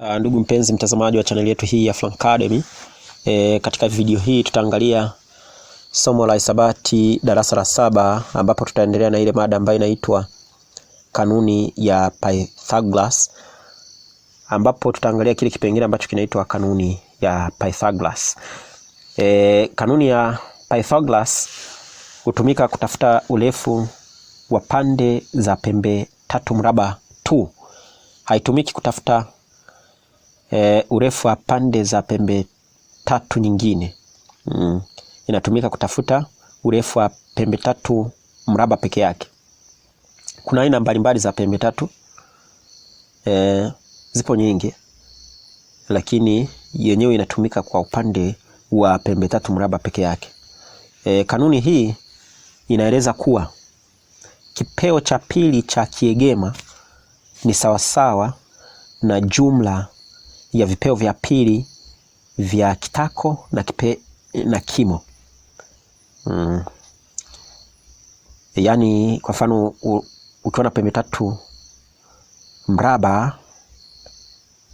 Uh, ndugu mpenzi mtazamaji wa chaneli yetu hii ya Francademy. E, katika video hii tutaangalia somo la hisabati darasa la saba ambapo tutaendelea na ile mada ambayo inaitwa kanuni ya Pythagoras ambapo tutaangalia kile kipengele ambacho kinaitwa kanuni ya Pythagoras. E, kanuni ya Pythagoras hutumika kutafuta urefu wa pande za pembe tatu mraba tu. Haitumiki kutafuta e, urefu wa pande za pembe tatu nyingine mm. Inatumika kutafuta urefu wa pembe tatu mraba peke yake. Kuna aina mbalimbali za pembe tatu e, zipo nyingi, lakini yenyewe inatumika kwa upande wa pembe tatu mraba peke yake. E, kanuni hii inaeleza kuwa kipeo cha pili cha kiegema ni sawasawa na jumla ya vipeo vya pili vya kitako na, kipe, na kimo mm. Yaani kwa mfano ukiona pembe tatu mraba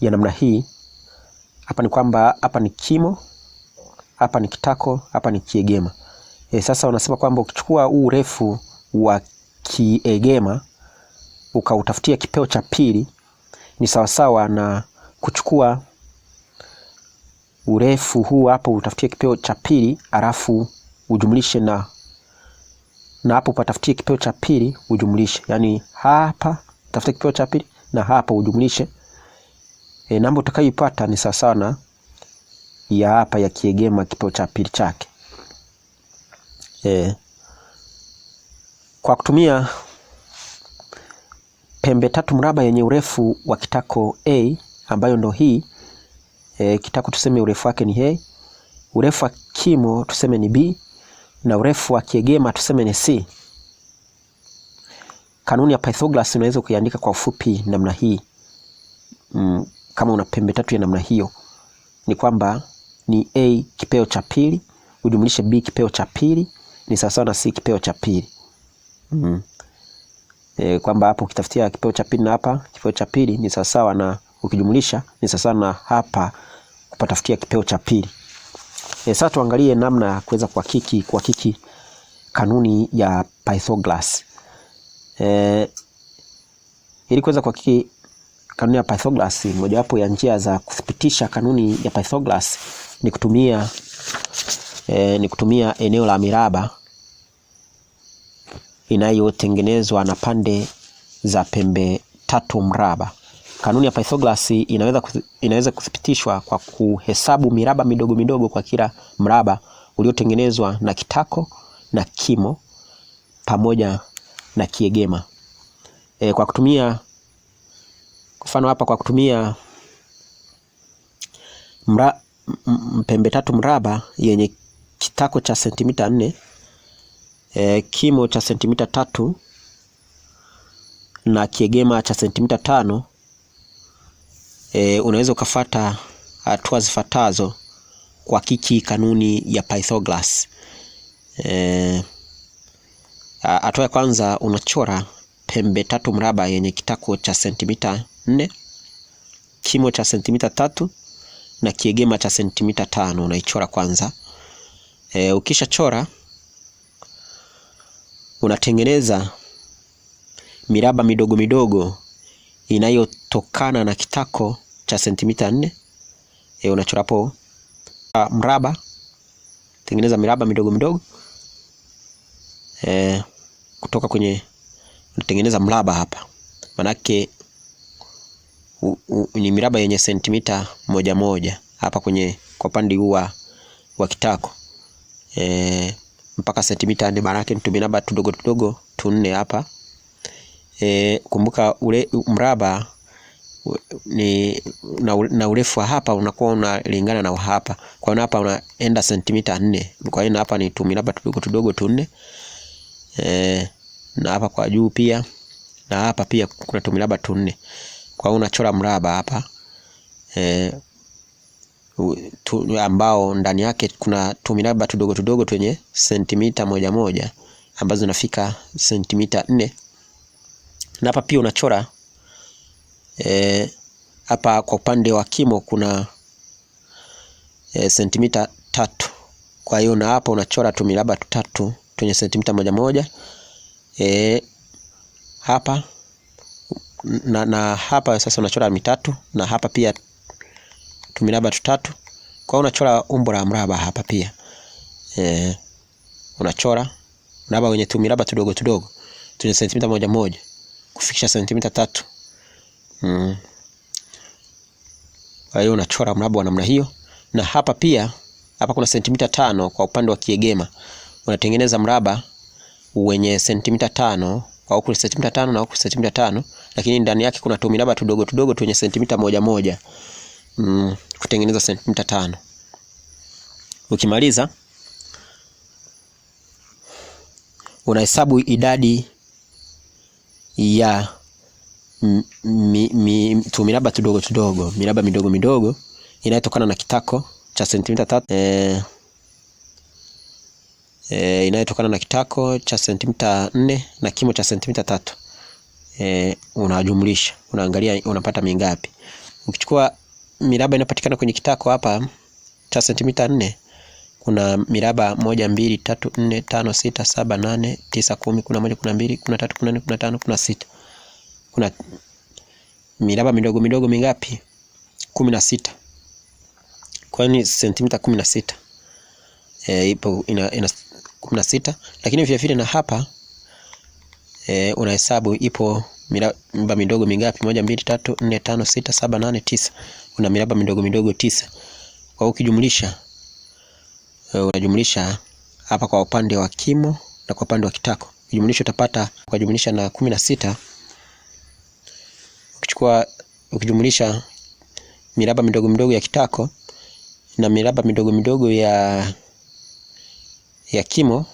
ya namna hii, hapa ni kwamba hapa ni kimo, hapa ni kitako, hapa ni kiegema. E, sasa wanasema kwamba ukichukua huu urefu wa kiegema ukautafutia kipeo cha pili ni sawasawa na kuchukua urefu huu hapo, utafutie kipeo cha pili alafu ujumlishe na na hapo patafutie kipeo cha pili ujumlishe, yani hapa tafuta kipeo cha pili na hapa ujumlishe. E, namba utakayoipata ni sawasawa na ya hapa yakiegema kipeo cha pili chake. E, kwa kutumia pembe tatu mraba yenye urefu wa kitako A ambayo ndo hii e, kitako tuseme urefu wake ni A, urefu wa kimo tuseme ni B na urefu wa kiegema tuseme ni C. Kanuni ya Pythagoras unaweza kuiandika kwa ufupi namna hii mm, kama una pembe tatu ya namna hiyo ni kwamba ni A kipeo cha pili ujumlishe B kipeo cha pili ni sawasawa na C kipeo cha pili mm. E, kwamba hapo ukitafutia kipeo cha pili na hapa kipeo cha pili ni sawasawa na ukijumlisha ni sasa na hapa kupatafutia kipeo cha pili. E, sasa tuangalie namna ya kuweza kuhakiki kuhakiki kanuni ya Pythagoras. Eh, ili kuweza kuhakiki kanuni ya Pythagoras, mojawapo ya njia za kuthibitisha kanuni ya Pythagoras ni kutumia e, ni kutumia eneo la miraba inayotengenezwa na pande za pembe tatu mraba. Kanuni ya Pythagoras inaweza inaweza kuthibitishwa kwa kuhesabu miraba midogo midogo kwa kila mraba uliotengenezwa na kitako na kimo pamoja na kiegema. E, kwa kutumia mfano hapa kwa kutumia mra, pembe tatu mraba yenye kitako cha sentimita nne e, kimo cha sentimita tatu na kiegema cha sentimita tano e, unaweza ukafata hatua zifuatazo kuhakiki kanuni ya Pythagoras. E, hatua e, ya kwanza unachora pembe tatu mraba yenye kitako cha sentimita nne, kimo cha sentimita tatu na kiegema cha sentimita tano unaichora kwanza. E, chora unatengeneza miraba midogo midogo inayotokana na kitako cha sentimita nne. E, eh, unachora hapo ah, mraba, tengeneza miraba midogo midogo e, kutoka kwenye unatengeneza mraba hapa, manake ni miraba yenye sentimita moja moja hapa kwenye kwa upande huu wa kitako e, mpaka sentimita nne, manake nitumie namba tudogo tudogo tunne hapa e, kumbuka ule mraba ni, na, na urefu wa hapa unakuwa unalingana na hapa. Kwa hiyo hapa unaenda sentimita nne, kwa hiyo hapa ni tumilaba tudogo tudogo tunne e, eh, na hapa kwa juu pia na hapa pia kuna tumilaba tunne. Kwa hiyo unachora mraba hapa e, tu, ambao ndani yake kuna tumilaba tudogo tudogo twenye sentimita moja moja ambazo zinafika sentimita nne na hapa pia unachora E, hapa e, kwa upande wa kimo kuna e, sentimita tatu. Kwa hiyo na hapa unachora tu miraba tatu kwenye sentimita moja moja e, hapa na, na hapa sasa unachora mitatu na hapa pia tumiraba tutatu. Kwa unachora umbo la mraba hapa pia e, unachora mraba wenye tumiraba tudogo tudogo tunye sentimita moja moja kufikisha sentimita tatu. Mm. Kwa hiyo unachora mraba wa namna hiyo, na hapa pia hapa kuna sentimita tano kwa upande wa kiegema, unatengeneza mraba wenye sentimita tano au kule sentimita tano na huku sentimita tano, lakini ndani yake kuna tumiraba tudogo tudogo tu wenye sentimita moja moja. Mm, kutengeneza sentimita tano. Ukimaliza unahesabu idadi ya mi, mi, tu miraba tudogo tudogo, miraba midogo midogo inayotokana na kitako cha sentimita tatu e, eh, e, eh, inayotokana na kitako cha sentimita nne na kimo cha sentimita tatu e, unajumlisha, unaangalia unapata mingapi. Ukichukua miraba inapatikana kwenye kitako hapa cha sentimita nne kuna miraba moja mbili tatu nne tano sita saba nane tisa kumi kuna moja kuna mbili kuna tatu kuna nne kuna tano kuna sita kuna miraba midogo midogo mingapi? kumi na sita. Kwa hiyo ni sentimita kumi na sita e, ipo ina, ina kumi na sita, lakini vilevile na hapa e, unahesabu ipo miraba midogo mingapi? moja, mbili, tatu, nne, tano, sita, saba, nane, tisa. Una miraba midogo midogo tisa. Kwa ukijumlisha e, unajumlisha hapa kwa upande wa kimo na kwa upande wa kitako, ukijumlisha utapata, ukajumlisha na kumi na sita kuchukua ukijumulisha miraba midogo midogo ya kitako na miraba midogo midogo ya ya kimo.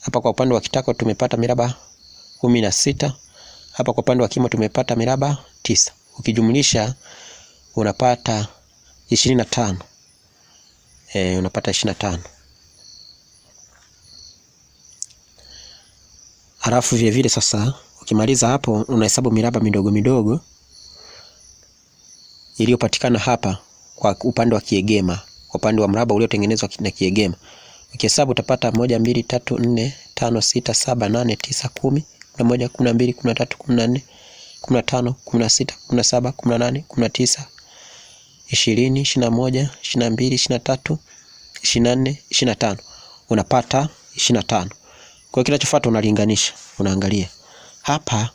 Hapa kwa upande wa kitako tumepata miraba kumi na sita. Hapa kwa upande wa kimo tumepata miraba tisa, ukijumulisha unapata ishirini na tano. E, unapata ishirini na tano. Halafu vilevile sasa Ukimaliza hapo, unahesabu miraba midogo midogo iliyopatikana hapa kwa upande wa kiegema, kwa upande wa mraba uliotengenezwa na kiegema. Ukihesabu utapata moja, mbili, tatu, nne, tano, sita, saba, nane, tisa, kumi, kumi na moja, kumi na mbili, kumi na tatu, kumi na nne, kumi na tano, kumi na sita, kumi na saba, kumi na nane, kumi na tisa, ishirini, ishirini na moja, ishirini na mbili, ishirini na tatu, ishirini na nne, ishirini na tano. Unapata ishirini na tano. Kwa hiyo kinachofuata unalinganisha, unaangalia hapa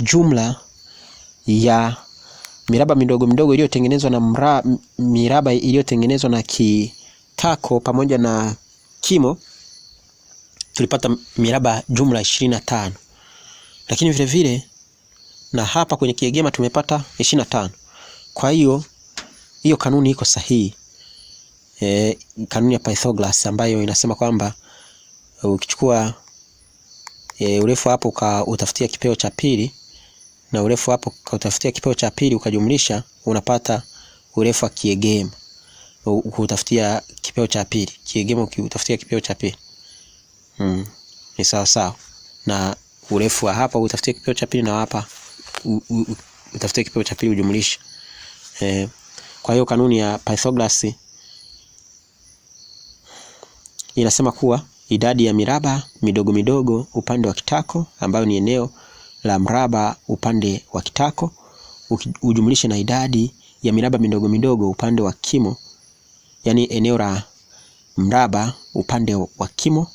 jumla ya miraba midogo midogo iliyotengenezwa na mra, miraba iliyotengenezwa na kitako pamoja na kimo tulipata miraba jumla ishirini na tano, lakini vile vile na hapa kwenye kiegema tumepata ishirini na tano. Kwa hiyo hiyo kanuni iko sahihi e, kanuni ya Pythagoras ambayo inasema kwamba ukichukua e, urefu hapo utafutia kipeo cha pili na urefu hapo utafutia kipeo cha pili ukajumlisha, unapata urefu wa kiegema ukutafutia kipeo cha pili, kiegema utafutia kipeo cha pili mm, ni sawa sawa na urefu wa hapa utafutia kipeo cha pili na hapa utafutia kipeo cha pili ujumlisha. E, kwa hiyo kanuni ya Pythagoras inasema kuwa idadi ya miraba midogo midogo upande wa kitako ambayo ni eneo la mraba upande wa kitako ujumlishe na idadi ya miraba midogo midogo upande wa kimo, yaani eneo la mraba upande wa kimo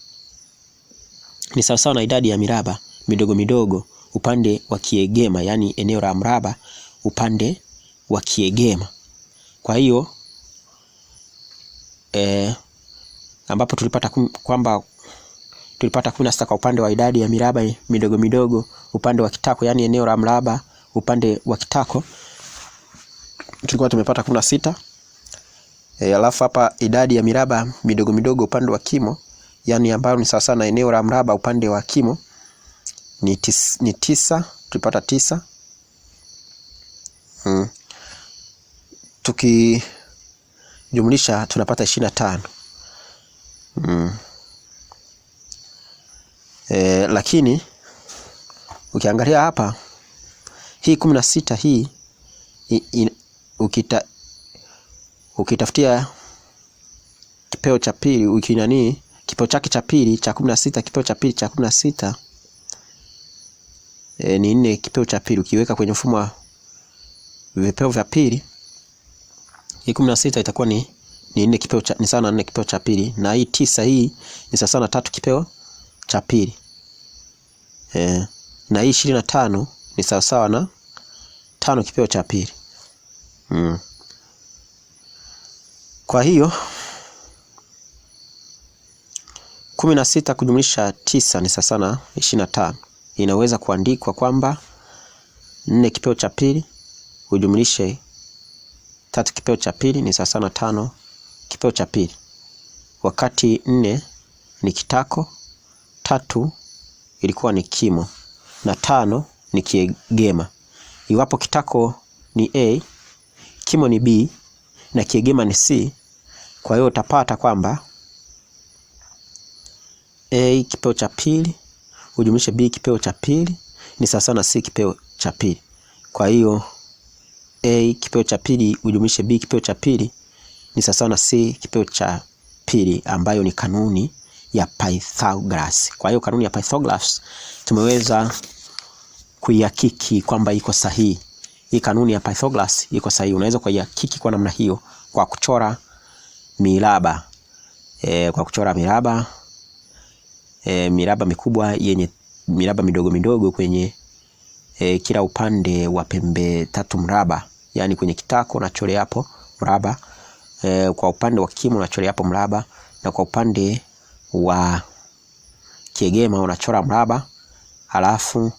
ni sawasawa na idadi ya miraba midogo midogo upande wa kiegema, yaani eneo la mraba upande wa kiegema. Kwa hiyo eh, ambapo tulipata kwamba tulipata kumi na sita kwa upande wa idadi ya miraba midogo midogo upande wa kitako, yani eneo la mraba upande wa kitako tulikuwa tumepata kumi na sita. E, alafu hapa idadi ya miraba midogo midogo upande wa kimo, yani ambayo ni sawa na eneo la mraba upande wa kimo ni tis, ni tisa tulipata tisa. Hmm. Tukijumlisha tunapata ishirini na tano. Mm. E, lakini ukiangalia hapa hii kumi na sita hii in, ukita, ukitafutia kipeo cha pili ukinani kipeo chake cha pili cha kumi na sita kipeo cha pili cha kumi na sita e, ni nne kipeo cha pili ukiweka kwenye mfumo wa vipeo vya pili hii kumi na sita itakuwa ni ni nne kipeo cha, ni sawa na nne kipeo cha pili na hii tisa hii ni sawa na tatu kipeo cha pili e, na hii ishirini na tano ni sawa sawa na tano kipeo cha pili mm. Kwa hiyo kumi na sita kujumlisha tisa ni sawa sawa na ishirini na tano. Inaweza kuandikwa kwamba nne kipeo cha pili hujumlishe tatu kipeo cha pili ni sawa sawa na tano Kipeo cha pili, wakati nne ni kitako, tatu ilikuwa ni kimo na tano ni kiegema. Iwapo kitako ni A, kimo ni B na kiegema ni C, kwa hiyo utapata kwamba A kipeo cha pili ujumlishe B kipeo cha pili ni sawasawa na C kipeo cha pili. Kwa hiyo A kipeo cha pili ujumlishe B kipeo cha pili ni sawasawa na C kipeo cha pili ambayo ni kanuni ya Pythagoras. Kwa hiyo kanuni ya Pythagoras tumeweza kuihakiki kwamba iko sahihi. Hii kanuni ya Pythagoras iko sahihi. Unaweza kuihakiki kwa namna hiyo kwa kuchora miraba e, kwa kuchora miraba e, miraba mikubwa yenye miraba midogo midogo kwenye e, kila upande wa pembe tatu mraba, yaani kwenye kitako na chole hapo mraba e, kwa upande wa kimo unachora hapo mraba, na kwa upande wa kiegema unachora mraba, halafu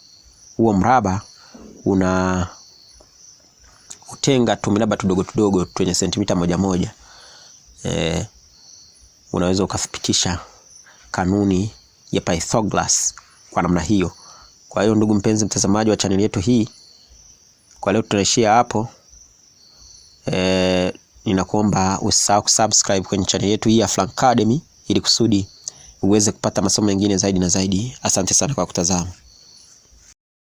huo mraba una utenga tumiraba tudogo tudogo twenye sentimita moja moja. E, unaweza ukapitisha kanuni ya Pythagoras kwa namna hiyo. Kwa hiyo ndugu mpenzi mtazamaji wa chaneli yetu hii, kwa leo tunaishia hapo. E, ninakuomba usahau kusubscribe kwenye channel yetu hii ya Francademy ili kusudi uweze kupata masomo mengine zaidi na zaidi. Asante sana kwa kutazama.